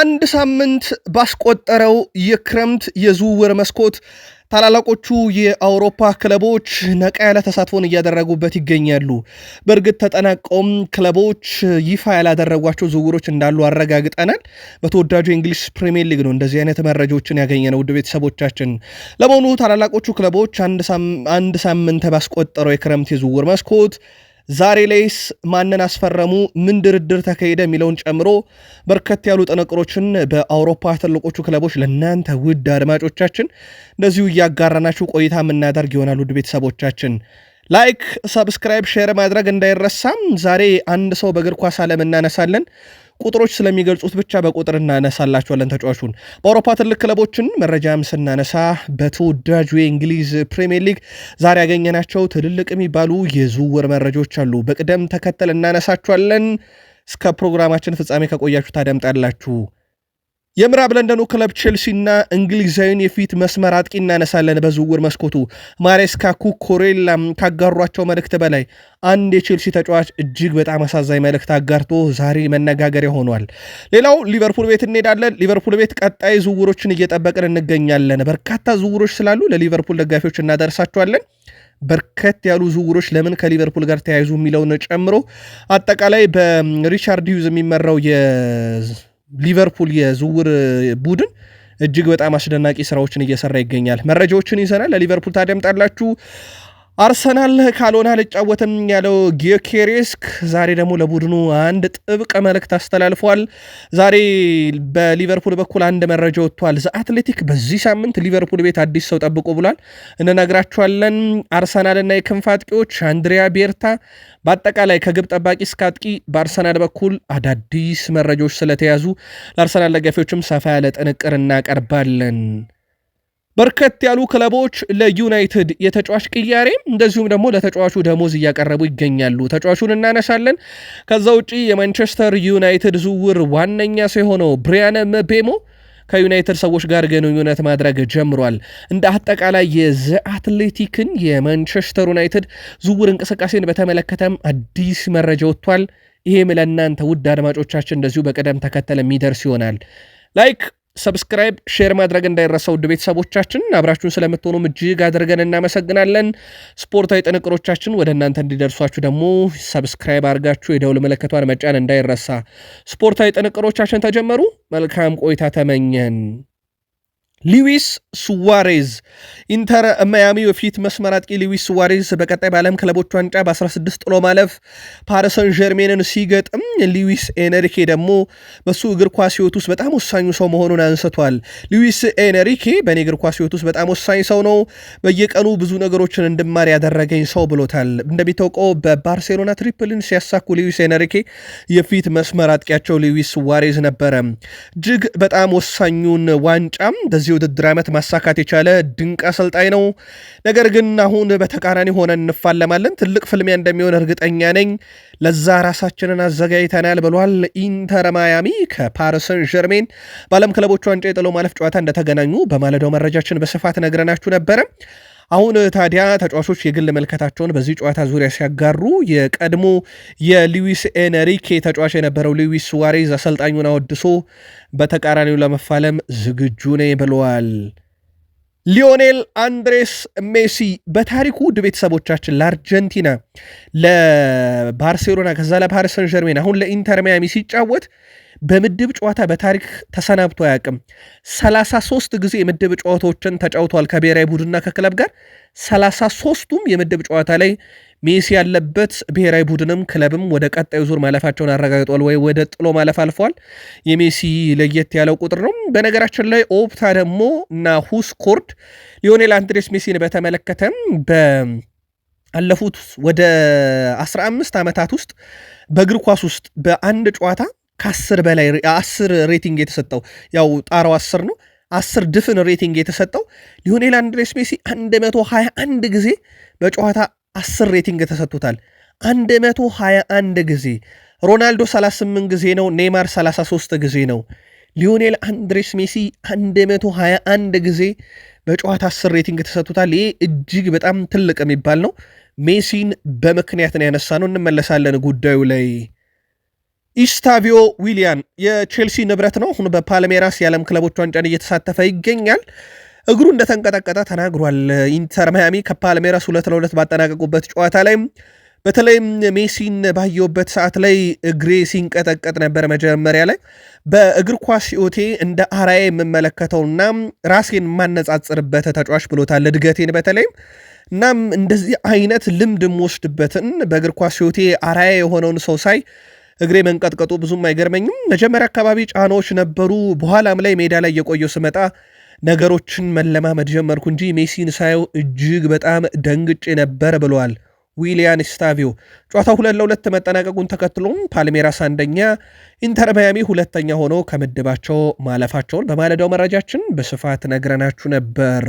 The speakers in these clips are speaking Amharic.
አንድ ሳምንት ባስቆጠረው የክረምት የዝውውር መስኮት ታላላቆቹ የአውሮፓ ክለቦች ነቃ ያለ ተሳትፎን እያደረጉበት ይገኛሉ። በእርግጥ ተጠናቀውም ክለቦች ይፋ ያላደረጓቸው ዝውውሮች እንዳሉ አረጋግጠናል። በተወዳጁ የእንግሊዝ ፕሪሚየር ሊግ ነው እንደዚህ አይነት መረጃዎችን ያገኘነው። ውድ ቤተሰቦቻችን፣ ለመሆኑ ታላላቆቹ ክለቦች አንድ ሳምንት ባስቆጠረው የክረምት የዝውውር መስኮት ዛሬ ላይስ ማንን አስፈረሙ፣ ምን ድርድር ተካሄደ የሚለውን ጨምሮ በርከት ያሉ ጥንቅሮችን በአውሮፓ ትልቆቹ ክለቦች ለእናንተ ውድ አድማጮቻችን እንደዚሁ እያጋራናችሁ ቆይታ የምናደርግ ይሆናል። ውድ ቤተሰቦቻችን ላይክ፣ ሰብስክራይብ፣ ሼር ማድረግ እንዳይረሳም። ዛሬ አንድ ሰው በእግር ኳስ አለም እናነሳለን። ቁጥሮች ስለሚገልጹት ብቻ በቁጥር እናነሳላቸዋለን። ተጫዋቹን። በአውሮፓ ትልቅ ክለቦችን መረጃም ስናነሳ በተወዳጁ የእንግሊዝ ፕሪሚየር ሊግ ዛሬ ያገኘናቸው ትልልቅ የሚባሉ የዝውውር መረጃዎች አሉ። በቅደም ተከተል እናነሳቸዋለን። እስከ ፕሮግራማችን ፍጻሜ ከቆያችሁ ታደምጣላችሁ። የምዕራብ ለንደኑ ክለብ ቼልሲና እንግሊዛዊን የፊት መስመር አጥቂ እናነሳለን። በዝውውር መስኮቱ ማሬስካ ኩኮሬላ ካጋሯቸው መልእክት በላይ አንድ የቼልሲ ተጫዋች እጅግ በጣም አሳዛኝ መልእክት አጋርቶ ዛሬ መነጋገሪያ ሆኗል። ሌላው ሊቨርፑል ቤት እንሄዳለን። ሊቨርፑል ቤት ቀጣይ ዝውውሮችን እየጠበቅን እንገኛለን። በርካታ ዝውውሮች ስላሉ ለሊቨርፑል ደጋፊዎች እናደርሳቸዋለን። በርከት ያሉ ዝውውሮች ለምን ከሊቨርፑል ጋር ተያይዙ የሚለውን ጨምሮ አጠቃላይ በሪቻርድ ሂውዝ የሚመራው ሊቨርፑል የዝውውር ቡድን እጅግ በጣም አስደናቂ ስራዎችን እየሰራ ይገኛል። መረጃዎችን ይዘናል። ለሊቨርፑል ታደምጣላችሁ። አርሰናል ካልሆነ አልጫወትም ያለው ጊዮኬሬስክ ዛሬ ደግሞ ለቡድኑ አንድ ጥብቅ መልእክት አስተላልፏል። ዛሬ በሊቨርፑል በኩል አንድ መረጃ ወጥቷል። ዘ አትሌቲክ በዚህ ሳምንት ሊቨርፑል ቤት አዲስ ሰው ጠብቆ ብሏል። እንነግራችኋለን። አርሰናልና የክንፍ አጥቂዎች አንድሪያ ቤርታ፣ በአጠቃላይ ከግብ ጠባቂ እስከ አጥቂ በአርሰናል በኩል አዳዲስ መረጃዎች ስለተያዙ ለአርሰናል ደጋፊዎችም ሰፋ ያለ ጥንቅር እናቀርባለን። በርከት ያሉ ክለቦች ለዩናይትድ የተጫዋች ቅያሬ እንደዚሁም ደግሞ ለተጫዋቹ ደሞዝ እያቀረቡ ይገኛሉ። ተጫዋቹን እናነሳለን። ከዛ ውጪ የማንቸስተር ዩናይትድ ዝውውር ዋነኛ ሲሆነው የሆነው ምቤሞ ከዩናይትድ ሰዎች ጋር ግንኙነት ማድረግ ጀምሯል። እንደ አጠቃላይ የዘ አትሌቲክን የማንቸስተር ዩናይትድ ዝውውር እንቅስቃሴን በተመለከተም አዲስ መረጃ ወጥቷል። ይሄም ለእናንተ ውድ አድማጮቻችን እንደዚሁ በቅደም ተከተል የሚደርስ ይሆናል ላይክ ሰብስክራይብ፣ ሼር ማድረግ እንዳይረሳ ውድ ቤተሰቦቻችን። አብራችሁን ስለምትሆኑም እጅግ አድርገን እናመሰግናለን። ስፖርታዊ ጥንቅሮቻችን ወደ እናንተ እንዲደርሷችሁ ደግሞ ሰብስክራይብ አድርጋችሁ የደውል ምልክቷን መጫን እንዳይረሳ። ስፖርታዊ ጥንቅሮቻችን ተጀመሩ። መልካም ቆይታ ተመኘን። ሉዊስ ሱዋሬዝ ኢንተር ማያሚ የፊት መስመር አጥቂ ሉዊስ ሱዋሬዝ በቀጣይ በዓለም ክለቦች ዋንጫ በ16 ጥሎ ማለፍ ፓሪሰን ጀርሜንን ሲገጥም ሉዊስ ኤነሪኬ ደግሞ በሱ እግር ኳስ ህይወት ውስጥ በጣም ወሳኙ ሰው መሆኑን አንስቷል። ሉዊስ ኤነሪኬ በእኔ እግር ኳስ ህይወት ውስጥ በጣም ወሳኝ ሰው ነው፣ በየቀኑ ብዙ ነገሮችን እንድማር ያደረገኝ ሰው ብሎታል። እንደሚታወቀው በባርሴሎና ትሪፕልን ሲያሳኩ ሉዊስ ኤነሪኬ የፊት መስመር አጥቂያቸው ሉዊስ ሱዋሬዝ ነበረ። እጅግ በጣም ወሳኙን ዋንጫም በዚህ በዚህ ውድድር ዓመት ማሳካት የቻለ ድንቅ አሰልጣኝ ነው። ነገር ግን አሁን በተቃራኒ ሆነን እንፋለማለን። ትልቅ ፍልሚያ እንደሚሆን እርግጠኛ ነኝ። ለዛ ራሳችንን አዘጋጅተናል ብሏል። ኢንተር ማያሚ ከፓሪሰን ጀርሜን በዓለም ክለቦች ዋንጫ የጥሎ ማለፍ ጨዋታ እንደተገናኙ በማለዳው መረጃችን በስፋት ነግረናችሁ ነበረ። አሁን ታዲያ ተጫዋቾች የግል መልከታቸውን በዚህ ጨዋታ ዙሪያ ሲያጋሩ የቀድሞ የሉዊስ ኤንሪኬ ተጫዋች የነበረው ሉዊስ ሱዋሬዝ አሰልጣኙን አወድሶ በተቃራኒው ለመፋለም ዝግጁ ነኝ ብለዋል። ሊዮኔል አንድሬስ ሜሲ በታሪኩ ውድ ቤተሰቦቻችን ለአርጀንቲና፣ ለባርሴሎና ከዛ ለፓሪስ ሰን አሁን ለኢንተር ማያሚ ሲጫወት በምድብ ጨዋታ በታሪክ ተሰናብቶ አያውቅም። 33 ጊዜ የምድብ ጨዋታዎችን ተጫውቷል ከብሔራዊ ቡድንና ከክለብ ጋር 33ቱም የምድብ ጨዋታ ላይ ሜሲ ያለበት ብሔራዊ ቡድንም ክለብም ወደ ቀጣዩ ዙር ማለፋቸውን አረጋግጧል ወይ ወደ ጥሎ ማለፍ አልፏል። የሜሲ ለየት ያለው ቁጥር ነው። በነገራችን ላይ ኦፕታ ደግሞ እና ሁስኮርድ ሊዮኔል አንድሬስ ሜሲን በተመለከተም አለፉት ወደ 15 ዓመታት ውስጥ በእግር ኳስ ውስጥ በአንድ ጨዋታ ከአስር በላይ አስር ሬቲንግ የተሰጠው ያው ጣራው አስር ነው። አስር ድፍን ሬቲንግ የተሰጠው ሊዮኔል አንድሬስ ሜሲ 121 ጊዜ በጨዋታ አስር ሬቲንግ ተሰጥቶታል። 121 ጊዜ ሮናልዶ 38 ጊዜ ነው። ኔይማር 33 ጊዜ ነው። ሊዮኔል አንድሬስ ሜሲ 121 ጊዜ በጨዋታ አስር ሬቲንግ ተሰጥቶታል። ይሄ እጅግ በጣም ትልቅ የሚባል ነው። ሜሲን በምክንያት ነው ያነሳ ነው። እንመለሳለን ጉዳዩ ላይ ኢስታቪዮ ዊሊያን የቼልሲ ንብረት ነው። አሁን በፓልሜራስ የዓለም ክለቦች ዋንጫን እየተሳተፈ ይገኛል። እግሩ እንደተንቀጠቀጠ ተናግሯል። ኢንተር ማያሚ ከፓልሜራስ ሁለት ለሁለት ባጠናቀቁበት ጨዋታ ላይ በተለይም ሜሲን ባየውበት ሰዓት ላይ እግሬ ሲንቀጠቀጥ ነበር። መጀመሪያ ላይ በእግር ኳስ ሕይወቴ እንደ አራያ የምመለከተውና ራሴን የማነጻጽርበት ተጫዋች ብሎታል። እድገቴን በተለይም እናም እንደዚህ አይነት ልምድ የምወስድበትን በእግር ኳስ ሕይወቴ አራያ የሆነውን ሰው ሳይ እግሬ መንቀጥቀጡ ብዙም አይገርመኝም። መጀመሪያ አካባቢ ጫናዎች ነበሩ። በኋላም ላይ ሜዳ ላይ የቆየው ስመጣ ነገሮችን መለማመድ ጀመርኩ እንጂ ሜሲን ሳየው እጅግ በጣም ደንግጬ ነበር ብለዋል ዊሊያን ስታቪዮ። ጨዋታው ሁለት ለሁለት መጠናቀቁን ተከትሎም ፓልሜራስ አንደኛ፣ ኢንተር ማያሚ ሁለተኛ ሆኖ ከምድባቸው ማለፋቸውን በማለዳው መረጃችን በስፋት ነግረናችሁ ነበር።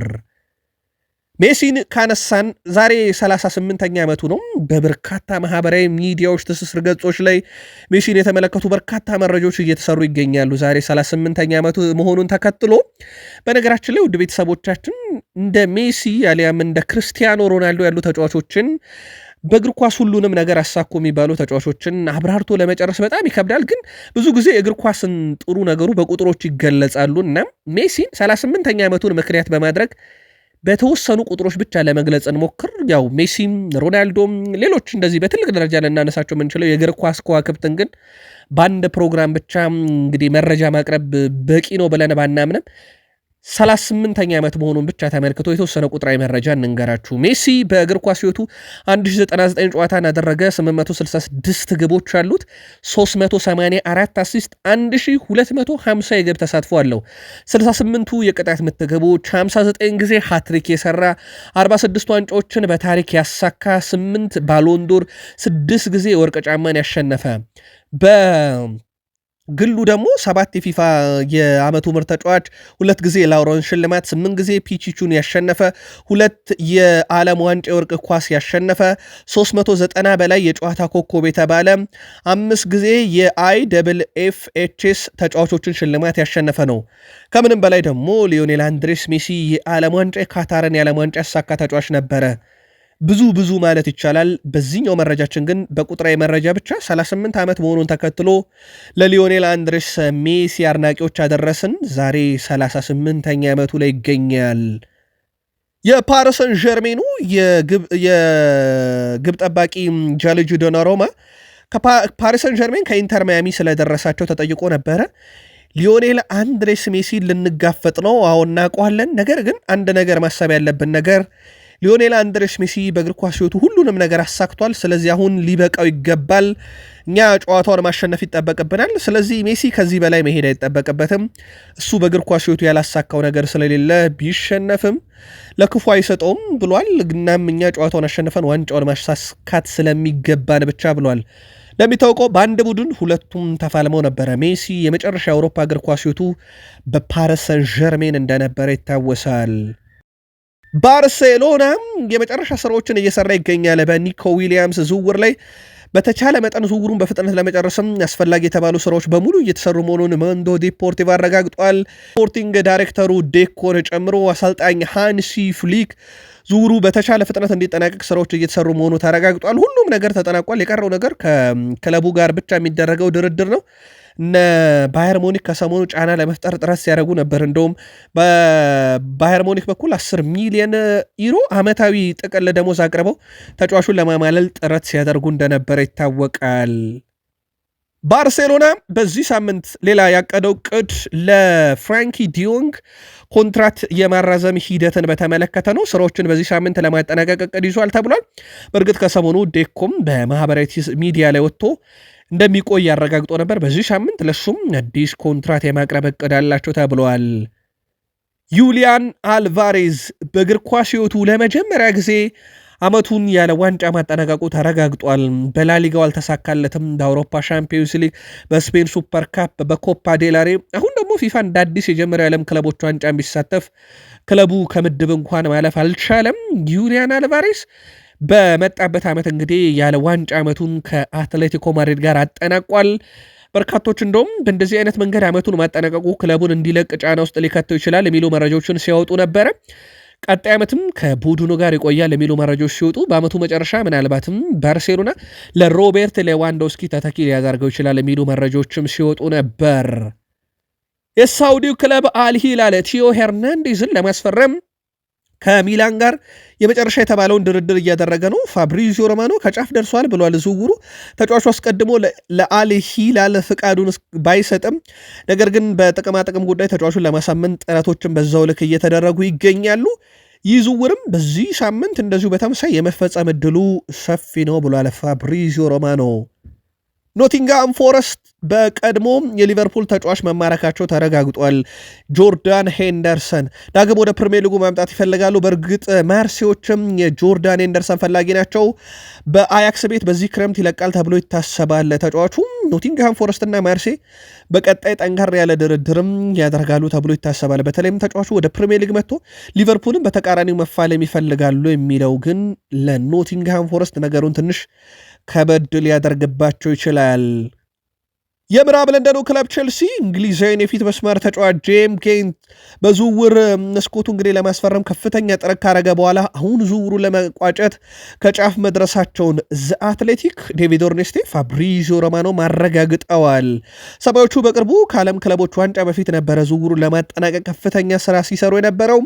ሜሲን ካነሳን ዛሬ 38ኛ ዓመቱ ነው። በበርካታ ማህበራዊ ሚዲያዎች ትስስር ገጾች ላይ ሜሲን የተመለከቱ በርካታ መረጃዎች እየተሰሩ ይገኛሉ። ዛሬ 38ኛ ዓመቱ መሆኑን ተከትሎ በነገራችን ላይ ውድ ቤተሰቦቻችን እንደ ሜሲ አሊያም እንደ ክርስቲያኖ ሮናልዶ ያሉ ተጫዋቾችን በእግር ኳስ ሁሉንም ነገር አሳኩ የሚባሉ ተጫዋቾችን አብራርቶ ለመጨረስ በጣም ይከብዳል። ግን ብዙ ጊዜ እግር ኳስን ጥሩ ነገሩ በቁጥሮች ይገለጻሉ እና ሜሲን 38ኛ ዓመቱን ምክንያት በማድረግ በተወሰኑ ቁጥሮች ብቻ ለመግለጽ እንሞክር። ያው ሜሲም፣ ሮናልዶም፣ ሌሎች እንደዚህ በትልቅ ደረጃ ልናነሳቸው የምንችለው የእግር ኳስ ከዋክብትን ግን በአንድ ፕሮግራም ብቻ እንግዲህ መረጃ ማቅረብ በቂ ነው ብለን ባናምንም 38ኛ ዓመት መሆኑን ብቻ ተመልክቶ የተወሰነ ቁጥራዊ መረጃ እንንገራችሁ። ሜሲ በእግር ኳስ ሕይወቱ 1099 ጨዋታ ያደረገ 866 ግቦች አሉት። 384 አሲስት፣ 1250 የግብ ተሳትፎ አለው። 68ቱ የቅጣት ምት ግቦች፣ 59 ጊዜ ሃትሪክ የሰራ 46 ዋንጫዎችን በታሪክ ያሳካ 8 ባሎንዶር፣ 6 ጊዜ ወርቅ ጫማን ያሸነፈ በ ግሉ ደግሞ ሰባት የፊፋ የዓመቱ ምርጥ ተጫዋች፣ ሁለት ጊዜ የላውሮን ሽልማት፣ ስምንት ጊዜ ፒቺቹን ያሸነፈ፣ ሁለት የዓለም ዋንጫ የወርቅ ኳስ ያሸነፈ፣ 390 በላይ የጨዋታ ኮከብ የተባለ፣ አምስት ጊዜ የአይ ደብል ኤፍ ኤች ኤስ ተጫዋቾችን ሽልማት ያሸነፈ ነው። ከምንም በላይ ደግሞ ሊዮኔል አንድሬስ ሜሲ የዓለም ዋንጫ የካታርን የዓለም ዋንጫ ያሳካ ተጫዋች ነበረ። ብዙ ብዙ ማለት ይቻላል። በዚህኛው መረጃችን ግን በቁጥራዊ መረጃ ብቻ 38 ዓመት መሆኑን ተከትሎ ለሊዮኔል አንድሬስ ሜሲ አድናቂዎች አደረስን። ዛሬ 38ኛ ዓመቱ ላይ ይገኛል። የፓሪሰን ጀርሜኑ የግብ ጠባቂ ጃልጅ ዶናሮማ ከፓሪሰን ጀርሜን ከኢንተር ማያሚ ስለደረሳቸው ተጠይቆ ነበረ። ሊዮኔል አንድሬስ ሜሲ ልንጋፈጥ ነው፣ አዎ እናውቀዋለን። ነገር ግን አንድ ነገር ማሰብ ያለብን ነገር ሊዮኔል አንድሬስ ሜሲ በእግር ኳስ ህይወቱ ሁሉንም ነገር አሳክቷል። ስለዚህ አሁን ሊበቃው ይገባል። እኛ ጨዋታውን ማሸነፍ ይጠበቅብናል። ስለዚህ ሜሲ ከዚህ በላይ መሄድ አይጠበቅበትም። እሱ በእግር ኳስ ህይወቱ ያላሳካው ነገር ስለሌለ ቢሸነፍም ለክፉ አይሰጠውም ብሏል። እናም እኛ ጨዋታውን አሸንፈን ዋንጫውን ማሳካት ስለሚገባን ብቻ ብሏል። እንደሚታወቀው በአንድ ቡድን ሁለቱም ተፋልመው ነበረ። ሜሲ የመጨረሻ የአውሮፓ እግር ኳስ ህይወቱ በፓረሰን ዠርሜን እንደነበረ ይታወሳል። ባርሴሎናም የመጨረሻ ስራዎችን እየሰራ ይገኛል። በኒኮ ዊሊያምስ ዝውውር ላይ በተቻለ መጠን ዝውውሩን በፍጥነት ለመጨረስም አስፈላጊ የተባሉ ስራዎች በሙሉ እየተሰሩ መሆኑን መንዶ ዲፖርቲቭ አረጋግጧል። ስፖርቲንግ ዳይሬክተሩ ዴኮን ጨምሮ አሰልጣኝ ሃንሲ ፍሊክ ዝውውሩ በተቻለ ፍጥነት እንዲጠናቀቅ ስራዎች እየተሰሩ መሆኑ ተረጋግጧል። ሁሉም ነገር ተጠናቋል። የቀረው ነገር ከክለቡ ጋር ብቻ የሚደረገው ድርድር ነው። እነ ባየር ሞኒክ ከሰሞኑ ጫና ለመፍጠር ጥረት ሲያደርጉ ነበር። እንደውም በባየር ሞኒክ በኩል 10 ሚሊየን ዩሮ ዓመታዊ ጥቅል ደሞዝ አቅርበው ተጫዋቹን ለማማለል ጥረት ሲያደርጉ እንደነበረ ይታወቃል። ባርሴሎና በዚህ ሳምንት ሌላ ያቀደው ቅድ ለፍራንኪ ዲዮንግ ኮንትራት የማራዘም ሂደትን በተመለከተ ነው። ስራዎችን በዚህ ሳምንት ለማጠናቀቅ እቅድ ይዟል ተብሏል። በእርግጥ ከሰሞኑ ዴኮም በማህበራዊ ሚዲያ ላይ ወጥቶ እንደሚቆይ አረጋግጦ ነበር። በዚህ ሳምንት ለሱም አዲስ ኮንትራት የማቅረብ እቅድ አላቸው ተብለዋል። ዩሊያን አልቫሬዝ በእግር ኳስ ሕይወቱ ለመጀመሪያ ጊዜ ዓመቱን ያለ ዋንጫ ማጠናቀቁ ተረጋግጧል። በላሊጋው አልተሳካለትም። በአውሮፓ ሻምፒዮንስ ሊግ፣ በስፔን ሱፐር ካፕ፣ በኮፓ ዴላሬ አሁን ደግሞ ፊፋ እንደ አዲስ የጀመሪያው የዓለም ክለቦች ዋንጫ ቢሳተፍ ክለቡ ከምድብ እንኳን ማለፍ አልቻለም። ዩሊያን አልቫሬስ በመጣበት ዓመት እንግዲህ ያለ ዋንጫ ዓመቱን ከአትሌቲኮ ማድሪድ ጋር አጠናቋል። በርካቶች እንደውም በእንደዚህ አይነት መንገድ ዓመቱን ማጠናቀቁ ክለቡን እንዲለቅ ጫና ውስጥ ሊከተው ይችላል የሚሉ መረጃዎችን ሲያወጡ ነበረ። ቀጣይ ዓመትም ከቡድኑ ጋር ይቆያል የሚሉ መረጃዎች ሲወጡ በዓመቱ መጨረሻ ምናልባትም ባርሴሎና ለሮቤርት ሌዋንዶስኪ ተተኪ ሊያደርገው ይችላል የሚሉ መረጃዎችም ሲወጡ ነበር። የሳውዲው ክለብ አልሂላል ቲዮ ሄርናንዴዝን ለማስፈረም ከሚላን ጋር የመጨረሻ የተባለውን ድርድር እያደረገ ነው። ፋብሪዚዮ ሮማኖ ከጫፍ ደርሷል ብሏል። ዝውውሩ ተጫዋቹ አስቀድሞ ለአል ሂላል ፍቃዱን ባይሰጥም፣ ነገር ግን በጥቅማጥቅም ጉዳይ ተጫዋቹን ለማሳመን ጥረቶችን በዛው ልክ እየተደረጉ ይገኛሉ። ይህ ዝውውርም በዚህ ሳምንት እንደዚሁ በተመሳይ የመፈጸም እድሉ ሰፊ ነው ብሏል ፋብሪዚዮ ሮማኖ። ኖቲንግሃም ፎረስት በቀድሞ የሊቨርፑል ተጫዋች መማረካቸው ተረጋግጧል። ጆርዳን ሄንደርሰን ዳግም ወደ ፕሪሚየር ሊጉ ማምጣት ይፈልጋሉ። በእርግጥ ማርሴዎችም የጆርዳን ሄንደርሰን ፈላጊ ናቸው። በአያክስ ቤት በዚህ ክረምት ይለቃል ተብሎ ይታሰባል። ተጫዋቹ ኖቲንግሃም ፎረስትና ማርሴ በቀጣይ ጠንካራ ያለ ድርድርም ያደርጋሉ ተብሎ ይታሰባል። በተለይም ተጫዋቹ ወደ ፕሪሚየር ሊግ መጥቶ ሊቨርፑልን በተቃራኒው መፋለም ይፈልጋሉ የሚለው ግን ለኖቲንግሃም ፎረስት ነገሩን ትንሽ ከበድ ሊያደርግባቸው ይችላል። የምዕራብ ለንደኑ ክለብ ቼልሲ እንግሊዛዊን የፊት መስመር ተጫዋች ጄም ኬንት በዝውውር መስኮቱ እንግዲህ ለማስፈረም ከፍተኛ ጥረት ካረገ በኋላ አሁን ዝውውሩ ለመቋጨት ከጫፍ መድረሳቸውን ዘ አትሌቲክ፣ ዴቪድ ኦርኔስቴ፣ ፋብሪዞ ሮማኖ ማረጋግጠዋል። ሰማዮቹ በቅርቡ ከዓለም ክለቦች ዋንጫ በፊት ነበረ ዝውውሩን ለማጠናቀቅ ከፍተኛ ስራ ሲሰሩ የነበረው።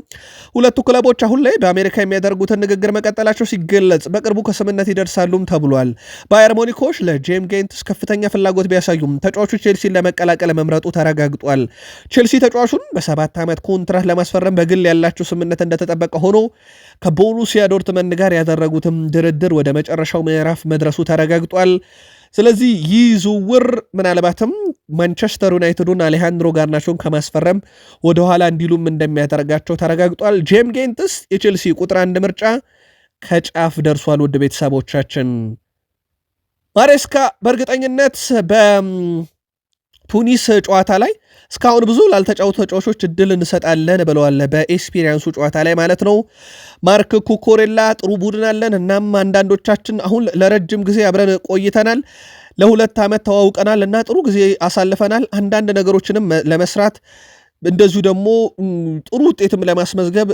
ሁለቱ ክለቦች አሁን ላይ በአሜሪካ የሚያደርጉትን ንግግር መቀጠላቸው ሲገለጽ በቅርቡ ከስምነት ይደርሳሉም ተብሏል። ባየር ሞኒኮች ለጄም ኬንትስ ከፍተኛ ፍላጎት ቢያሳዩም ተጫዋቹ ቼልሲን ለመቀላቀል መምረጡ ተረጋግጧል። ቼልሲ ተጫዋቹን በሰባት ዓመት ኮንትራት ለማስፈረም በግል ያላቸው ስምምነት እንደተጠበቀ ሆኖ ከቦሩሲያ ዶርትመንድ ጋር ያደረጉትም ድርድር ወደ መጨረሻው ምዕራፍ መድረሱ ተረጋግጧል። ስለዚህ ይህ ዝውውር ምናልባትም ማንቸስተር ዩናይትዱን አሌሃንድሮ ጋርናቾን ከማስፈረም ወደኋላ እንዲሉም እንደሚያደርጋቸው ተረጋግጧል። ጄም ጌንትስ የቼልሲ ቁጥር አንድ ምርጫ ከጫፍ ደርሷል። ውድ ቤተሰቦቻችን ማሬስካ በእርግጠኝነት በቱኒስ ጨዋታ ላይ እስካሁን ብዙ ላልተጫወቱ ተጫዋቾች እድል እንሰጣለን ብለዋል። በኤክስፔሪንሱ ጨዋታ ላይ ማለት ነው። ማርክ ኩኮሬላ ጥሩ ቡድን አለን። እናም አንዳንዶቻችን አሁን ለረጅም ጊዜ አብረን ቆይተናል፣ ለሁለት ዓመት ተዋውቀናል እና ጥሩ ጊዜ አሳልፈናል። አንዳንድ ነገሮችንም ለመስራት እንደዚሁ ደግሞ ጥሩ ውጤትም ለማስመዝገብ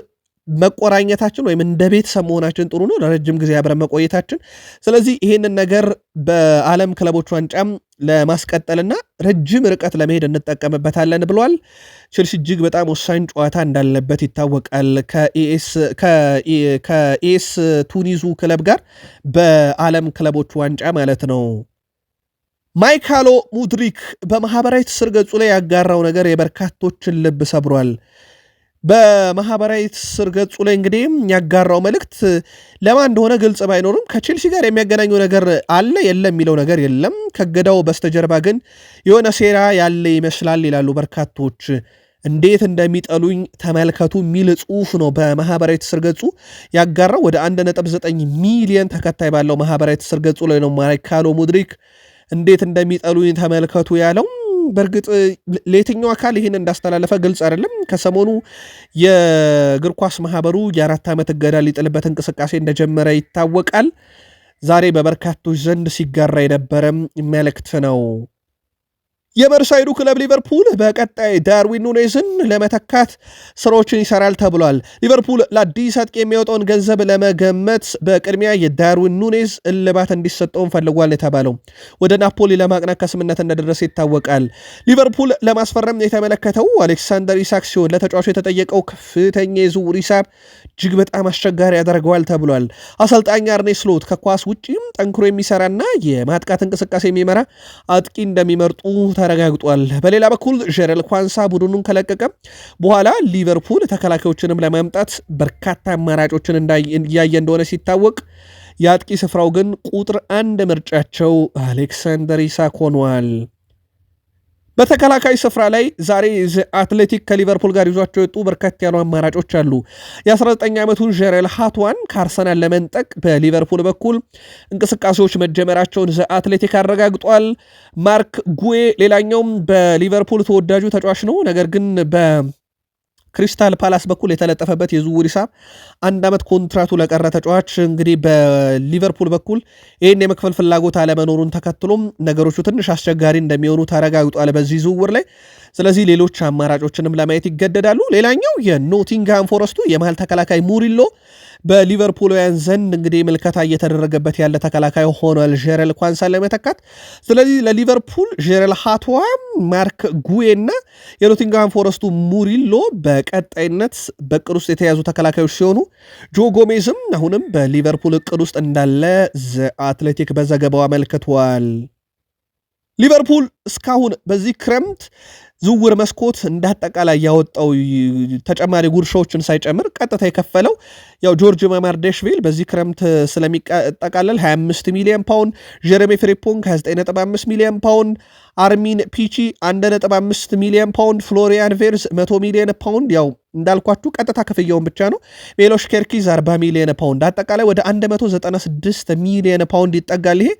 መቆራኘታችን ወይም እንደ ቤተሰብ መሆናችን ጥሩ ነው፣ ለረጅም ጊዜ አብረን መቆየታችን። ስለዚህ ይህንን ነገር በዓለም ክለቦች ዋንጫም ለማስቀጠልና ረጅም ርቀት ለመሄድ እንጠቀምበታለን ብሏል። ቼልሲ እጅግ በጣም ወሳኝ ጨዋታ እንዳለበት ይታወቃል። ከኤስ ቱኒዙ ክለብ ጋር በዓለም ክለቦች ዋንጫ ማለት ነው። ማይካሎ ሙድሪክ በማህበራዊ ትስስር ገጹ ላይ ያጋራው ነገር የበርካቶችን ልብ ሰብሯል። በማህበራዊ ትስስር ገጹ ላይ እንግዲህ ያጋራው መልእክት ለማን እንደሆነ ግልጽ ባይኖርም ከቼልሲ ጋር የሚያገናኘው ነገር አለ የለም የሚለው ነገር የለም። ከገዳው በስተጀርባ ግን የሆነ ሴራ ያለ ይመስላል ይላሉ በርካቶች። እንዴት እንደሚጠሉኝ ተመልከቱ የሚል ጽሁፍ ነው በማህበራዊ ትስር ገጹ ያጋራው። ወደ 1.9 ሚሊዮን ተከታይ ባለው ማህበራዊ ትስር ገጹ ላይ ነው ማይካሎ ሙድሪክ እንዴት እንደሚጠሉኝ ተመልከቱ ያለው። በእርግጥ ለየትኛው አካል ይህን እንዳስተላለፈ ግልጽ አይደለም። ከሰሞኑ የእግር ኳስ ማህበሩ የአራት ዓመት እገዳ ሊጥልበት እንቅስቃሴ እንደጀመረ ይታወቃል። ዛሬ በበርካቶች ዘንድ ሲጋራ የነበረም መልእክት ነው የመርሳይዱ ክለብ ሊቨርፑል በቀጣይ ዳርዊን ኑኔዝን ለመተካት ስራዎችን ይሰራል ተብሏል። ሊቨርፑል ለአዲስ አጥቂ የሚያወጣውን ገንዘብ ለመገመት በቅድሚያ የዳርዊን ኑኔዝ እልባት እንዲሰጠውን ፈልጓል የተባለው ወደ ናፖሊ ለማቅናት ከስምነት እንደደረሰ ይታወቃል። ሊቨርፑል ለማስፈረም የተመለከተው አሌክሳንደር ኢሳክ ሲሆን ለተጫዋቹ የተጠየቀው ከፍተኛ የዝውውር ሂሳብ እጅግ በጣም አስቸጋሪ ያደርገዋል ተብሏል። አሰልጣኝ አርኔ ስሎት ከኳስ ውጭም ጠንክሮ የሚሰራና የማጥቃት እንቅስቃሴ የሚመራ አጥቂ እንደሚመርጡ ተረጋግጧል። በሌላ በኩል ጀረል ኳንሳ ቡድኑን ከለቀቀ በኋላ ሊቨርፑል ተከላካዮችንም ለማምጣት በርካታ አማራጮችን እያየ እንደሆነ ሲታወቅ የአጥቂ ስፍራው ግን ቁጥር አንድ ምርጫቸው አሌክሳንደር ኢሳክ ሆኗል። በተከላካይ ስፍራ ላይ ዛሬ አትሌቲክ ከሊቨርፑል ጋር ይዟቸው የወጡ በርከት ያሉ አማራጮች አሉ። የ19 ዓመቱን ጀረል ሃትዋን ከአርሰናል ለመንጠቅ በሊቨርፑል በኩል እንቅስቃሴዎች መጀመራቸውን ዘ አትሌቲክ አረጋግጧል። ማርክ ጉዌ ሌላኛውም በሊቨርፑል ተወዳጁ ተጫዋች ነው። ነገር ግን በ ክሪስታል ፓላስ በኩል የተለጠፈበት የዝውውር ሂሳብ አንድ ዓመት ኮንትራቱ ለቀረ ተጫዋች እንግዲህ በሊቨርፑል በኩል ይህን የመክፈል ፍላጎት አለመኖሩን ተከትሎም ነገሮቹ ትንሽ አስቸጋሪ እንደሚሆኑ ተረጋግጧል። በዚህ ዝውውር ላይ ስለዚህ ሌሎች አማራጮችንም ለማየት ይገደዳሉ። ሌላኛው የኖቲንግሃም ፎረስቱ የመሃል ተከላካይ ሙሪሎ በሊቨርፑልውያን ዘንድ እንግዲህ ምልከታ እየተደረገበት ያለ ተከላካይ ሆኗል ጀረል ኳንሳ ለመተካት። ስለዚህ ለሊቨርፑል ጀረል ሃቶዋ፣ ማርክ ጉዌ እና የኖቲንግሃም ፎረስቱ ሙሪሎ በቀጣይነት በእቅድ ውስጥ የተያዙ ተከላካዮች ሲሆኑ ጆ ጎሜዝም አሁንም በሊቨርፑል እቅድ ውስጥ እንዳለ አትሌቲክ በዘገባው አመልክቷል። ሊቨርፑል እስካሁን በዚህ ክረምት ዝውውር መስኮት እንደ አጠቃላይ ያወጣው ተጨማሪ ጉርሻዎችን ሳይጨምር ቀጥታ የከፈለው ያው ጆርጅ ማማርዳሽቪሊ በዚህ ክረምት ስለሚጠቃለል 25 ሚሊዮን ፓውንድ፣ ጀረሜ ፍሪፖንግ 29.5 ሚሊዮን ፓውንድ፣ አርሚን ፒቺ 1.5 ሚሊዮን ፓውንድ፣ ፍሎሪያን ቬርዝ 100 ሚሊዮን ፓውንድ ያው እንዳልኳችሁ ቀጥታ ክፍያውን ብቻ ነው። ሜሎሽ ኬርኪዝ 40 ሚሊዮን ፓውንድ አጠቃላይ ወደ 196 ሚሊዮን ፓውንድ ይጠጋል። ይሄ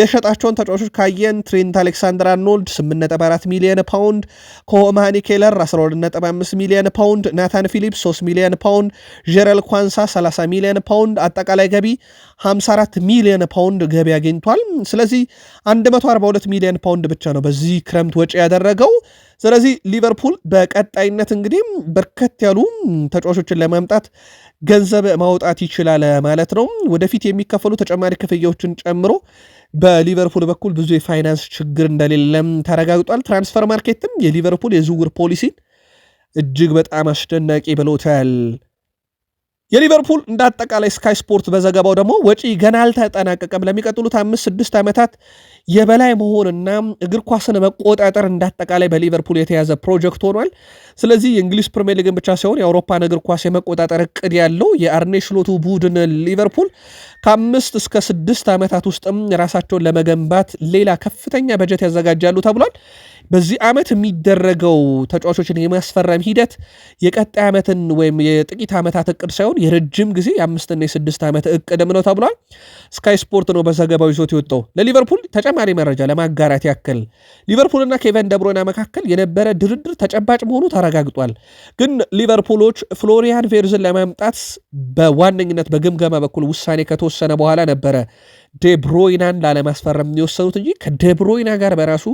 የሸጣቸውን ተጫዋቾች ካየን ትሬንት አሌክሳንደር አርኖልድ 8.4 ሚሊዮን ፓውንድ ኮማኒ ኬለር 12.5 ሚሊዮን ፓውንድ፣ ናታን ፊሊፕስ 3 ሚሊዮን ፓውንድ፣ ጀረል ኳንሳ 30 ሚሊዮን ፓውንድ፣ አጠቃላይ ገቢ 54 ሚሊዮን ፓውንድ ገቢ አግኝቷል። ስለዚህ 142 ሚሊዮን ፓውንድ ብቻ ነው በዚህ ክረምት ወጪ ያደረገው። ስለዚህ ሊቨርፑል በቀጣይነት እንግዲህ በርከት ያሉ ተጫዋቾችን ለማምጣት ገንዘብ ማውጣት ይችላል ማለት ነው። ወደፊት የሚከፈሉ ተጨማሪ ክፍያዎችን ጨምሮ በሊቨርፑል በኩል ብዙ የፋይናንስ ችግር እንደሌለም ተረጋግጧል። ትራንስፈር ማርኬትም የሊቨርፑል የዝውውር ፖሊሲን እጅግ በጣም አስደናቂ ብሎታል። የሊቨርፑል እንደ አጠቃላይ ስካይ ስፖርት በዘገባው ደግሞ ወጪ ገና አልተጠናቀቀም፣ ለሚቀጥሉት አምስት ስድስት ዓመታት የበላይ መሆንና እግር ኳስን መቆጣጠር እንደ አጠቃላይ በሊቨርፑል የተያዘ ፕሮጀክት ሆኗል። ስለዚህ የእንግሊዝ ፕሪሚየር ሊግን ብቻ ሳይሆን የአውሮፓን እግር ኳስ የመቆጣጠር እቅድ ያለው የአርኔ ሽሎቱ ቡድን ሊቨርፑል ከአምስት እስከ ስድስት ዓመታት ውስጥም ራሳቸውን ለመገንባት ሌላ ከፍተኛ በጀት ያዘጋጃሉ ተብሏል። በዚህ ዓመት የሚደረገው ተጫዋቾችን የማስፈረም ሂደት የቀጣይ ዓመትን ወይም የጥቂት ዓመታት እቅድ ሳይሆን የረጅም ጊዜ የአምስትና የስድስት ዓመት እቅድም ነው ተብሏል። ስካይ ስፖርት ነው በዘገባው ይዞት የወጣው። ለሊቨርፑል ተጨማሪ መረጃ ለማጋራት ያክል ሊቨርፑልና ኬቨን ደብሮና መካከል የነበረ ድርድር ተጨባጭ መሆኑ ተረጋግጧል። ግን ሊቨርፑሎች ፍሎሪያን ቬርዝን ለማምጣት በዋነኝነት በግምገማ በኩል ውሳኔ ከተወሰነ በኋላ ነበረ ዴብሮይናን ላለማስፈረም የወሰኑት እንጂ ከዴብሮይና ጋር በራሱ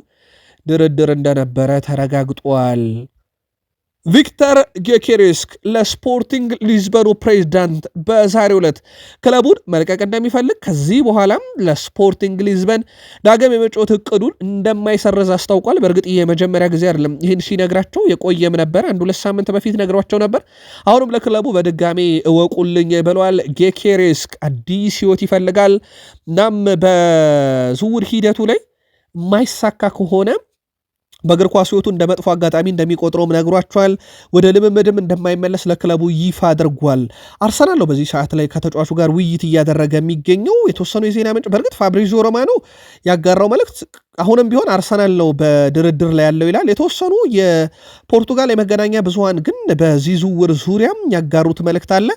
ድርድር እንደነበረ ተረጋግጧል። ቪክተር ጌኬሬስክ ለስፖርቲንግ ሊዝበኑ ፕሬዚዳንት በዛሬው ዕለት ክለቡን መልቀቅ እንደሚፈልግ ከዚህ በኋላም ለስፖርቲንግ ሊዝበን ዳግም የመጫወት እቅዱን እንደማይሰርዝ አስታውቋል። በእርግጥ የመጀመሪያ ጊዜ አይደለም ይህን ሲነግራቸው የቆየም ነበር። አንድ ሁለት ሳምንት በፊት ነግሯቸው ነበር። አሁንም ለክለቡ በድጋሜ እወቁልኝ ብለዋል። ጌኬሬስክ አዲስ ህይወት ይፈልጋል። እናም በዝውውር ሂደቱ ላይ የማይሳካ ከሆነም በእግር ኳስ ህይወቱ እንደ መጥፎ አጋጣሚ እንደሚቆጥረውም ነግሯቸዋል። ወደ ልምምድም እንደማይመለስ ለክለቡ ይፋ አድርጓል። አርሰናል ነው በዚህ ሰዓት ላይ ከተጫዋቹ ጋር ውይይት እያደረገ የሚገኘው። የተወሰኑ የዜና ምንጭ በእርግጥ ፋብሪዚዮ ሮማኖ ያጋራው መልእክት አሁንም ቢሆን አርሰናል ነው በድርድር ላይ ያለው ይላል። የተወሰኑ የፖርቱጋል የመገናኛ ብዙሃን ግን በዚህ ዝውውር ዙሪያም ያጋሩት መልእክት አለ።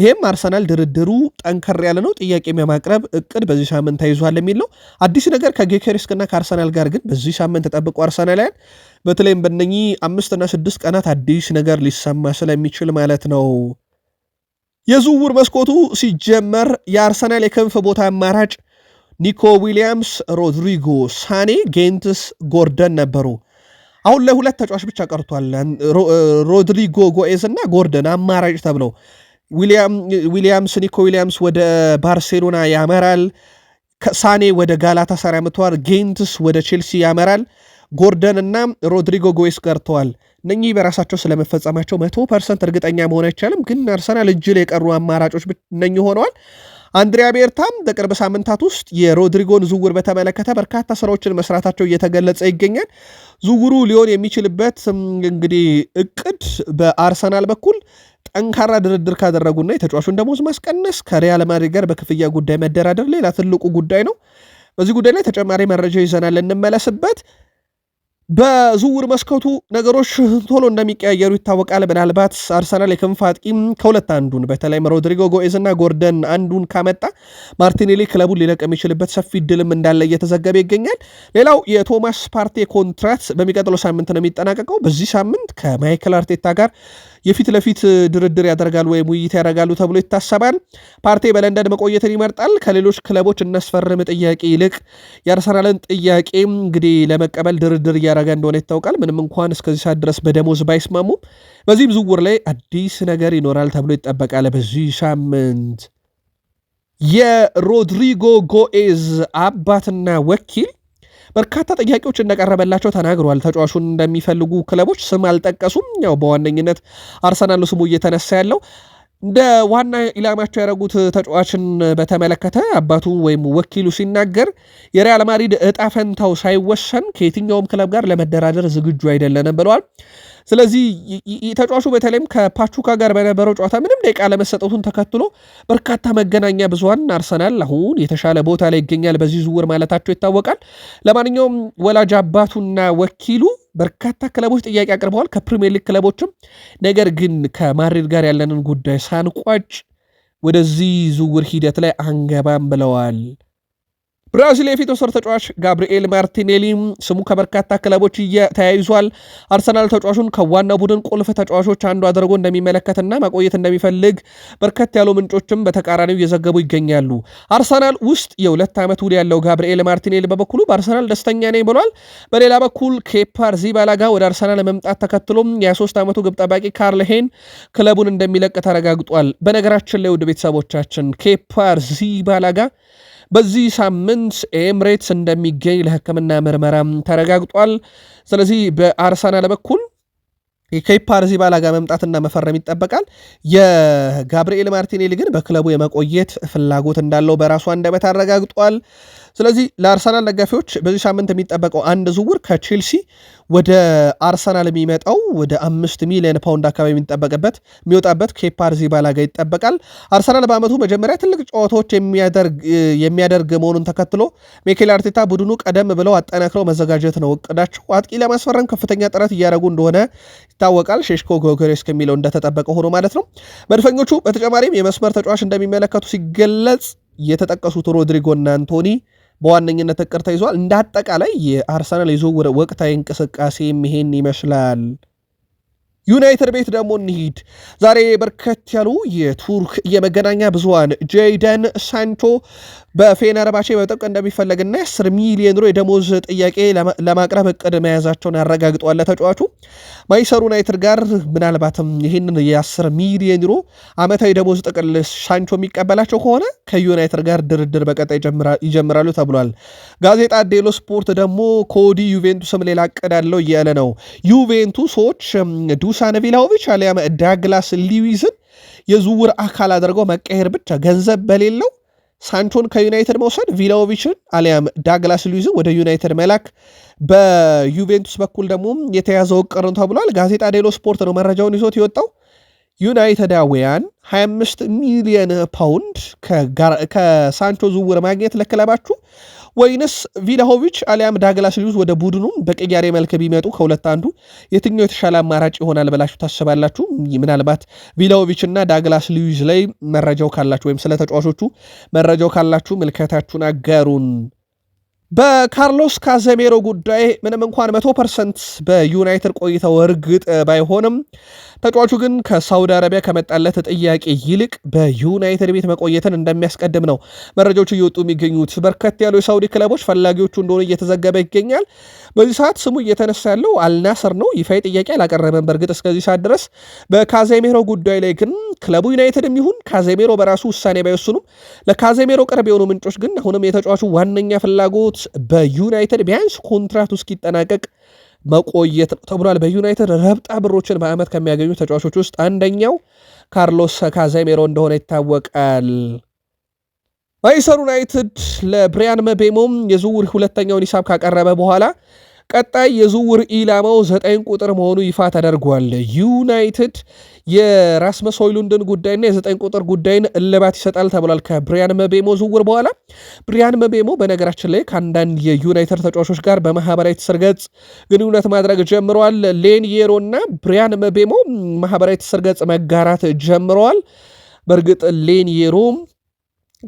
ይሄም አርሰናል ድርድሩ ጠንከር ያለ ነው፣ ጥያቄም የማቅረብ እቅድ በዚህ ሳምንት ተይዟል የሚል ነው። አዲስ ነገር ከጌኬሪስክና ከአርሰናል ጋር ግን በዚህ ሳምንት ተጠብቆ አርሰናላያን በተለይም በነኚህ አምስትና ስድስት ቀናት አዲስ ነገር ሊሰማ ስለሚችል ማለት ነው። የዝውውር መስኮቱ ሲጀመር የአርሰናል የክንፍ ቦታ አማራጭ ኒኮ ዊሊያምስ፣ ሮድሪጎ፣ ሳኔ፣ ጌንትስ፣ ጎርደን ነበሩ። አሁን ለሁለት ተጫዋች ብቻ ቀርቷል። ሮድሪጎ ጎኤዝ እና ጎርደን አማራጭ ተብለው ዊሊያምስ ኒኮ ዊሊያምስ ወደ ባርሴሎና ያመራል። ሳኔ ወደ ጋላታ ሳራይ ጌንትስ ወደ ቼልሲ ያመራል። ጎርደን እና ሮድሪጎ ጎዌስ ቀርተዋል። እነኚህ በራሳቸው ስለመፈጸማቸው መቶ ፐርሰንት እርግጠኛ መሆን አይቻልም፣ ግን አርሰናል እጅ ላይ የቀሩ አማራጮች እነኚህ ሆነዋል። አንድሪያ ቤርታም በቅርብ ሳምንታት ውስጥ የሮድሪጎን ዝውውር በተመለከተ በርካታ ስራዎችን መስራታቸው እየተገለጸ ይገኛል። ዝውውሩ ሊሆን የሚችልበት እንግዲህ እቅድ በአርሰናል በኩል ጠንካራ ድርድር ካደረጉና የተጫዋቹን ደሞዝ ማስቀነስ ከሪያል ማድሪድ ጋር በክፍያ ጉዳይ መደራደር ሌላ ትልቁ ጉዳይ ነው። በዚህ ጉዳይ ላይ ተጨማሪ መረጃ ይዘናል፣ እንመለስበት። በዝውውር መስኮቱ ነገሮች ቶሎ እንደሚቀያየሩ ይታወቃል። ምናልባት አርሰናል የክንፍ አጥቂም ከሁለት አንዱን በተለይም ሮድሪጎ ጎኤዝ እና ጎርደን አንዱን ካመጣ ማርቲኔሊ ክለቡን ሊለቅ የሚችልበት ሰፊ ድልም እንዳለ እየተዘገበ ይገኛል። ሌላው የቶማስ ፓርቴ ኮንትራት በሚቀጥለው ሳምንት ነው የሚጠናቀቀው። በዚህ ሳምንት ከማይክል አርቴታ ጋር የፊት ለፊት ድርድር ያደርጋሉ ወይም ውይይት ያደርጋሉ ተብሎ ይታሰባል። ፓርቴ በለንደን መቆየትን ይመርጣል። ከሌሎች ክለቦች እናስፈርም ጥያቄ ይልቅ የአርሰናልን ጥያቄ እንግዲህ ለመቀበል ድርድር እያደረገ እያደረገ እንደሆነ ይታወቃል። ምንም እንኳን እስከዚህ ሰዓት ድረስ በደሞዝ ባይስማሙም በዚህም ዝውውር ላይ አዲስ ነገር ይኖራል ተብሎ ይጠበቃል። በዚህ ሳምንት የሮድሪጎ ጎኤዝ አባትና ወኪል በርካታ ጥያቄዎች እንደቀረበላቸው ተናግረዋል። ተጫዋቹን እንደሚፈልጉ ክለቦች ስም አልጠቀሱም። ያው በዋነኝነት አርሰናሉ ስሙ እየተነሳ ያለው እንደ ዋና ኢላማቸው ያደረጉት ተጫዋችን በተመለከተ አባቱ ወይም ወኪሉ ሲናገር የሪያል ማድሪድ እጣ ፈንታው ሳይወሰን ከየትኛውም ክለብ ጋር ለመደራደር ዝግጁ አይደለንም ብለዋል። ስለዚህ ተጫዋቹ በተለይም ከፓቹካ ጋር በነበረው ጨዋታ ምንም ደቂቃ ለመሰጠቱን ተከትሎ በርካታ መገናኛ ብዙን አርሰናል አሁን የተሻለ ቦታ ላይ ይገኛል በዚህ ዝውውር ማለታቸው ይታወቃል። ለማንኛውም ወላጅ አባቱና ወኪሉ በርካታ ክለቦች ጥያቄ አቅርበዋል፣ ከፕሪሚየር ሊግ ክለቦችም። ነገር ግን ከማድሪድ ጋር ያለንን ጉዳይ ሳንቋጭ ወደዚህ ዝውውር ሂደት ላይ አንገባም ብለዋል። ብራዚል የፊት ወሰር ተጫዋች ጋብርኤል ማርቲኔሊ ስሙ ከበርካታ ክለቦች ተያይዟል። አርሰናል ተጫዋቹን ከዋና ቡድን ቁልፍ ተጫዋቾች አንዱ አድርጎ እንደሚመለከትና ማቆየት እንደሚፈልግ በርከት ያሉ ምንጮችም በተቃራኒው እየዘገቡ ይገኛሉ። አርሰናል ውስጥ የሁለት ዓመት ውል ያለው ጋብርኤል ማርቲኔሊ በበኩሉ በአርሰናል ደስተኛ ነኝ ብሏል። በሌላ በኩል ኬፓ ባላጋ ወደ አርሰናል መምጣት ተከትሎም የ23 ዓመቱ ግብ ጠባቂ ካርል ሄን ክለቡን እንደሚለቅ ተረጋግጧል። በነገራችን ላይ ውድ ቤተሰቦቻችን ኬፓ አሪዛባላጋ በዚህ ሳምንት ኤምሬትስ እንደሚገኝ ለሕክምና ምርመራ ተረጋግጧል። ስለዚህ በአርሰናል በኩል የኬፓ አሪዛባላጋ ጋር መምጣትና መፈረም ይጠበቃል። የጋብርኤል ማርቲኔሊ ግን በክለቡ የመቆየት ፍላጎት እንዳለው በራሱ አንደበት አረጋግጧል። ስለዚህ ለአርሰናል ደጋፊዎች በዚህ ሳምንት የሚጠበቀው አንድ ዝውውር ከቼልሲ ወደ አርሰናል የሚመጣው ወደ አምስት ሚሊዮን ፓውንድ አካባቢ የሚጠበቅበት የሚወጣበት ኬፓ አሪዛባላጋ ይጠበቃል። አርሰናል በዓመቱ መጀመሪያ ትልቅ ጨዋታዎች የሚያደርግ መሆኑን ተከትሎ ሚኬል አርቴታ ቡድኑ ቀደም ብለው አጠናክረው መዘጋጀት ነው እቅዳቸው። አጥቂ ለማስፈረም ከፍተኛ ጥረት እያደረጉ እንደሆነ ይታወቃል። ሼሽኮ ጎገሬስ ከሚለው እንደተጠበቀ ሆኖ ማለት ነው። መድፈኞቹ በተጨማሪም የመስመር ተጫዋች እንደሚመለከቱ ሲገለጽ የተጠቀሱት ሮድሪጎና አንቶኒ በዋነኝነት እቅድ ተይዟል። እንደ አጠቃላይ የአርሰናል የዝውውር ወቅታዊ እንቅስቃሴ ይሄን ይመስላል። ዩናይትድ ቤት ደግሞ እንሂድ። ዛሬ በርከት ያሉ የቱርክ የመገናኛ ብዙሃን ጄይደን ሳንቾ በፌነርባቼ በጥብቅ እንደሚፈለግና የ10 ሚሊዮን ዩሮ የደሞዝ ጥያቄ ለማቅረብ እቅድ መያዛቸውን ያረጋግጧል። ተጫዋቹ ማይሰር ዩናይትድ ጋር ምናልባትም ይህንን የ10 ሚሊዮን ዩሮ ዓመታዊ ደሞዝ ጥቅል ሳንቾ የሚቀበላቸው ከሆነ ከዩናይትድ ጋር ድርድር በቀጣይ ይጀምራሉ ተብሏል። ጋዜጣ ዴሎ ስፖርት ደግሞ ኮዲ ዩቬንቱስም ሌላ እቅድ አለው እያለ ነው። ዩቬንቱሶች ዱሳን ቪላሆቪች አሊያም ዳግላስ ሊዊዝን የዝውውር አካል አድርገው መቀየር ብቻ ገንዘብ በሌለው ሳንቾን ከዩናይትድ መውሰድ ቪላዎቪችን አሊያም ዳግላስ ሉዊዝን ወደ ዩናይትድ መላክ በዩቬንቱስ በኩል ደግሞ የተያዘው ቅርን ተብሏል። ጋዜጣ ዴሎ ስፖርት ነው መረጃውን ይዞት የወጣው። ዩናይተዳውያን 25 ሚሊየን ፓውንድ ከሳንቾ ዝውውር ማግኘት ለክለባችሁ ወይንስ ቪላሆቪች አሊያም ዳግላስ ሉዊዝ ወደ ቡድኑም በቅያሬ መልክ ቢመጡ ከሁለት አንዱ የትኛው የተሻለ አማራጭ ይሆናል ብላችሁ ታስባላችሁ? ምናልባት ቪላሆቪች እና ዳግላስ ሉዊዝ ላይ መረጃው ካላችሁ ወይም ስለ ተጫዋቾቹ መረጃው ካላችሁ ምልከታችሁን አገሩን። በካርሎስ ካዘሜሮ ጉዳይ ምንም እንኳን መቶ ፐርሰንት በዩናይትድ ቆይተው እርግጥ ባይሆንም ተጫዋቹ ግን ከሳውዲ አረቢያ ከመጣለት ጥያቄ ይልቅ በዩናይትድ ቤት መቆየትን እንደሚያስቀድም ነው መረጃዎች እየወጡ የሚገኙት። በርከት ያሉ የሳውዲ ክለቦች ፈላጊዎቹ እንደሆነ እየተዘገበ ይገኛል። በዚህ ሰዓት ስሙ እየተነሳ ያለው አልናስር ነው። ይፋዊ ጥያቄ አላቀረበም በእርግጥ እስከዚህ ሰዓት ድረስ። በካዜሜሮ ጉዳይ ላይ ግን ክለቡ ዩናይትድም ይሁን ካዜሜሮ በራሱ ውሳኔ ባይወስኑም ለካዜሜሮ ቅርብ የሆኑ ምንጮች ግን አሁንም የተጫዋቹ ዋነኛ ፍላጎት በዩናይትድ ቢያንስ ኮንትራቱ እስኪጠናቀቅ መቆየት ነው ተብሏል። በዩናይትድ ረብጣ ብሮችን በዓመት ከሚያገኙ ተጫዋቾች ውስጥ አንደኛው ካርሎስ ካዜሜሮ እንደሆነ ይታወቃል። ማንቸስተር ዩናይትድ ለብሪያን መቤሞም የዝውውር ሁለተኛውን ሂሳብ ካቀረበ በኋላ ቀጣይ የዝውውር ኢላማው ዘጠኝ ቁጥር መሆኑ ይፋ ተደርጓል። ዩናይትድ የራስመስ ሆይሉንድን ጉዳይና የዘጠኝ ቁጥር ጉዳይን እልባት ይሰጣል ተብሏል። ከብሪያን መቤሞ ዝውውር በኋላ ብሪያን መቤሞ በነገራችን ላይ ከአንዳንድ የዩናይትድ ተጫዋቾች ጋር በማህበራዊ ትስስር ገጽ ግንኙነት ማድረግ ጀምረዋል። ሌንየሮ እና ብሪያን መቤሞ ማህበራዊ ትስስር ገጽ መጋራት ጀምረዋል። በእርግጥ ሌንየሮ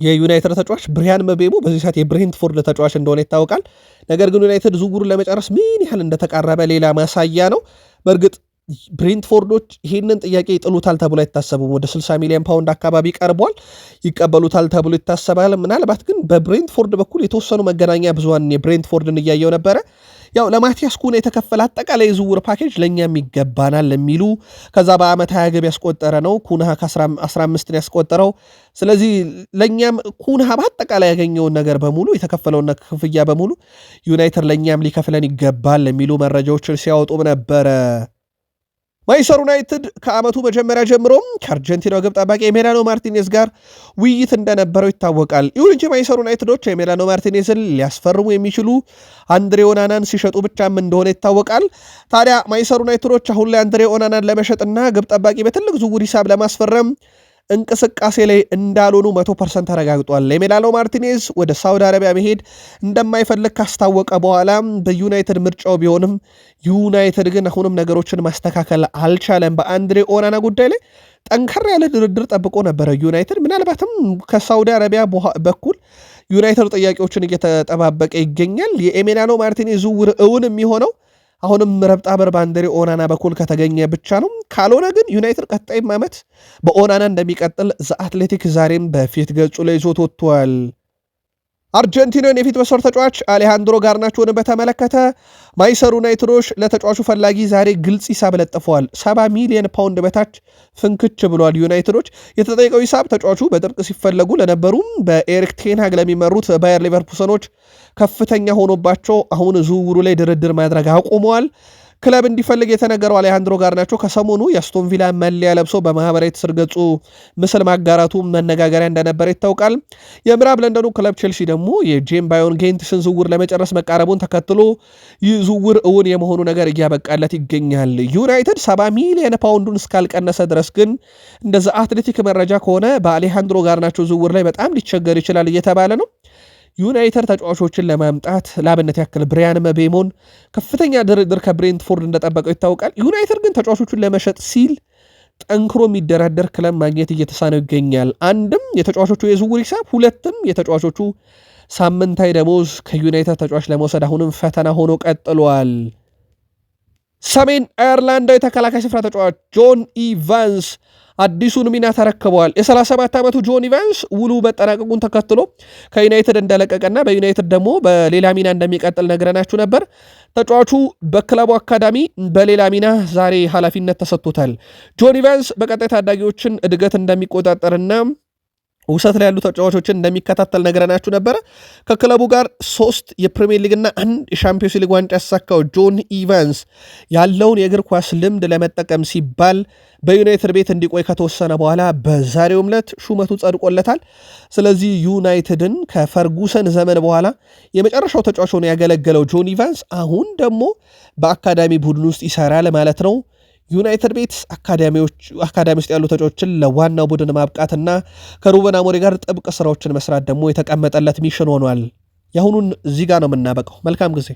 የዩናይትድ ተጫዋች ብሪያን መቤሞ በዚህ ሰዓት የብሬንትፎርድ ተጫዋች እንደሆነ ይታወቃል። ነገር ግን ዩናይትድ ዝውውሩን ለመጨረስ ምን ያህል እንደተቃረበ ሌላ ማሳያ ነው። በእርግጥ ብሬንትፎርዶች ይህንን ጥያቄ ይጥሉታል ተብሎ አይታሰቡም። ወደ 60 ሚሊዮን ፓውንድ አካባቢ ቀርቧል፣ ይቀበሉታል ተብሎ ይታሰባል። ምናልባት ግን በብሬንትፎርድ በኩል የተወሰኑ መገናኛ ብዙሃን የብሬንትፎርድን እያየው ነበረ። ያው ለማቲያስ ኩን የተከፈለ አጠቃላይ የዝውውር ፓኬጅ ለእኛም ይገባናል የሚሉ ከዛ በአመት ሀያ ገብ ያስቆጠረ ነው ኩንሃ ከ15 ያስቆጠረው። ስለዚህ ለእኛም ኩንሃ በአጠቃላይ ያገኘውን ነገር በሙሉ የተከፈለውን ክፍያ በሙሉ ዩናይትድ ለእኛም ሊከፍለን ይገባል የሚሉ መረጃዎችን ሲያወጡም ነበረ። ማንቸስተር ዩናይትድ ከዓመቱ መጀመሪያ ጀምሮም ከአርጀንቲናው ግብ ጠባቂ የሜላኖ ማርቲኔዝ ጋር ውይይት እንደነበረው ይታወቃል። ይሁን እንጂ ማንቸስተር ዩናይትዶች የሜላኖ ማርቲኔዝን ሊያስፈርሙ የሚችሉ አንድሬ ኦናናን ሲሸጡ ብቻም እንደሆነ ይታወቃል። ታዲያ ማንቸስተር ዩናይትዶች አሁን ላይ አንድሬ ኦናናን ለመሸጥና ግብ ጠባቂ በትልቅ ዝውውር ሂሳብ ለማስፈረም እንቅስቃሴ ላይ እንዳልሆኑ መቶ ፐርሰንት ተረጋግጧል። ለሜላሎ ማርቲኔዝ ወደ ሳውዲ አረቢያ መሄድ እንደማይፈልግ ካስታወቀ በኋላ በዩናይትድ ምርጫው ቢሆንም ዩናይትድ ግን አሁንም ነገሮችን ማስተካከል አልቻለም። በአንድሬ ኦናና ጉዳይ ላይ ጠንከር ያለ ድርድር ጠብቆ ነበረ ዩናይትድ። ምናልባትም ከሳውዲ አረቢያ በኩል ዩናይትድ ጥያቄዎችን እየተጠባበቀ ይገኛል። የኤሜላኖ ማርቲኔዝ ዝውውር እውን የሚሆነው አሁንም ረብጣ በር ኦናና በኩል ከተገኘ ብቻ ነው። ካልሆነ ግን ዩናይትድ ቀጣይም ዓመት በኦናና እንደሚቀጥል ዘ አትሌቲክ ዛሬም በፊት ገጹ ላይ ይዞት ወጥቷል። አርጀንቲናን የፊት መስመር ተጫዋች አሌሃንድሮ ጋርናቾን በተመለከተ ማይሰር ዩናይትዶች ለተጫዋቹ ፈላጊ ዛሬ ግልጽ ሂሳብ ለጥፈዋል። ሰባ ሚሊዮን ፓውንድ በታች ፍንክች ብሏል። ዩናይትዶች የተጠየቀው ሂሳብ ተጫዋቹ በጥብቅ ሲፈለጉ ለነበሩም በኤሪክ ቴንሃግ ለሚመሩት ባየር ሊቨርፑሰኖች ከፍተኛ ሆኖባቸው አሁን ዝውውሩ ላይ ድርድር ማድረግ አቁመዋል። ክለብ እንዲፈልግ የተነገረው አሌሃንድሮ ጋርናቾ ከሰሞኑ የአስቶን ቪላ መለያ ለብሶ በማህበራዊ ትስስር ገጹ ምስል ማጋራቱ መነጋገሪያ እንደነበረ ይታወቃል። የምዕራብ ለንደኑ ክለብ ቼልሲ ደግሞ የጄም ባዮን ጌንትስን ዝውውር ለመጨረስ መቃረቡን ተከትሎ ይህ ዝውውር እውን የመሆኑ ነገር እያበቃለት ይገኛል። ዩናይትድ 70 ሚሊየን ፓውንዱን እስካልቀነሰ ድረስ ግን እንደዛ አትሌቲክ መረጃ ከሆነ በአሌሃንድሮ ጋርናቾ ዝውውር ላይ በጣም ሊቸገር ይችላል እየተባለ ነው። ዩናይተድ ተጫዋቾችን ለማምጣት ለአብነት ያክል ብሪያን መቤሞን ከፍተኛ ድርድር ከብሬንትፎርድ እንደጠበቀው ይታወቃል። ዩናይተድ ግን ተጫዋቾቹን ለመሸጥ ሲል ጠንክሮ የሚደራደር ክለብ ማግኘት እየተሳነው ይገኛል። አንድም የተጫዋቾቹ የዝውውር ሂሳብ፣ ሁለትም የተጫዋቾቹ ሳምንታዊ ደሞዝ ከዩናይተድ ተጫዋች ለመውሰድ አሁንም ፈተና ሆኖ ቀጥሏል። ሰሜን አየርላንዳዊ ተከላካይ ስፍራ ተጫዋች ጆን ኢቫንስ አዲሱን ሚና ተረክበዋል። የ37 ዓመቱ ጆን ኢቫንስ ውሉ መጠናቀቁን ተከትሎ ከዩናይትድ እንደለቀቀና በዩናይትድ ደግሞ በሌላ ሚና እንደሚቀጥል ነግረናችሁ ነበር። ተጫዋቹ በክለቡ አካዳሚ በሌላ ሚና ዛሬ ኃላፊነት ተሰጥቶታል። ጆን ኢቫንስ በቀጣይ ታዳጊዎችን እድገት እንደሚቆጣጠርና ውሰት ላይ ያሉ ተጫዋቾችን እንደሚከታተል ነገረናችሁ ነበረ። ከክለቡ ጋር ሶስት የፕሪሚየር ሊግና አንድ የሻምፒዮንስ ሊግ ዋንጫ ያሳካው ጆን ኢቫንስ ያለውን የእግር ኳስ ልምድ ለመጠቀም ሲባል በዩናይትድ ቤት እንዲቆይ ከተወሰነ በኋላ በዛሬው ዕለት ሹመቱ ጸድቆለታል። ስለዚህ ዩናይትድን ከፈርጉሰን ዘመን በኋላ የመጨረሻው ተጫዋች ሆኖ ያገለገለው ጆን ኢቫንስ አሁን ደግሞ በአካዳሚ ቡድን ውስጥ ይሰራል ማለት ነው። ዩናይትድ ቤት አካዳሚ ውስጥ ያሉ ተጫዎችን ለዋናው ቡድን ማብቃትና ከሩበን አሞሪ ጋር ጥብቅ ስራዎችን መስራት ደግሞ የተቀመጠለት ሚሽን ሆኗል። የአሁኑን እዚህ ጋር ነው የምናበቀው። መልካም ጊዜ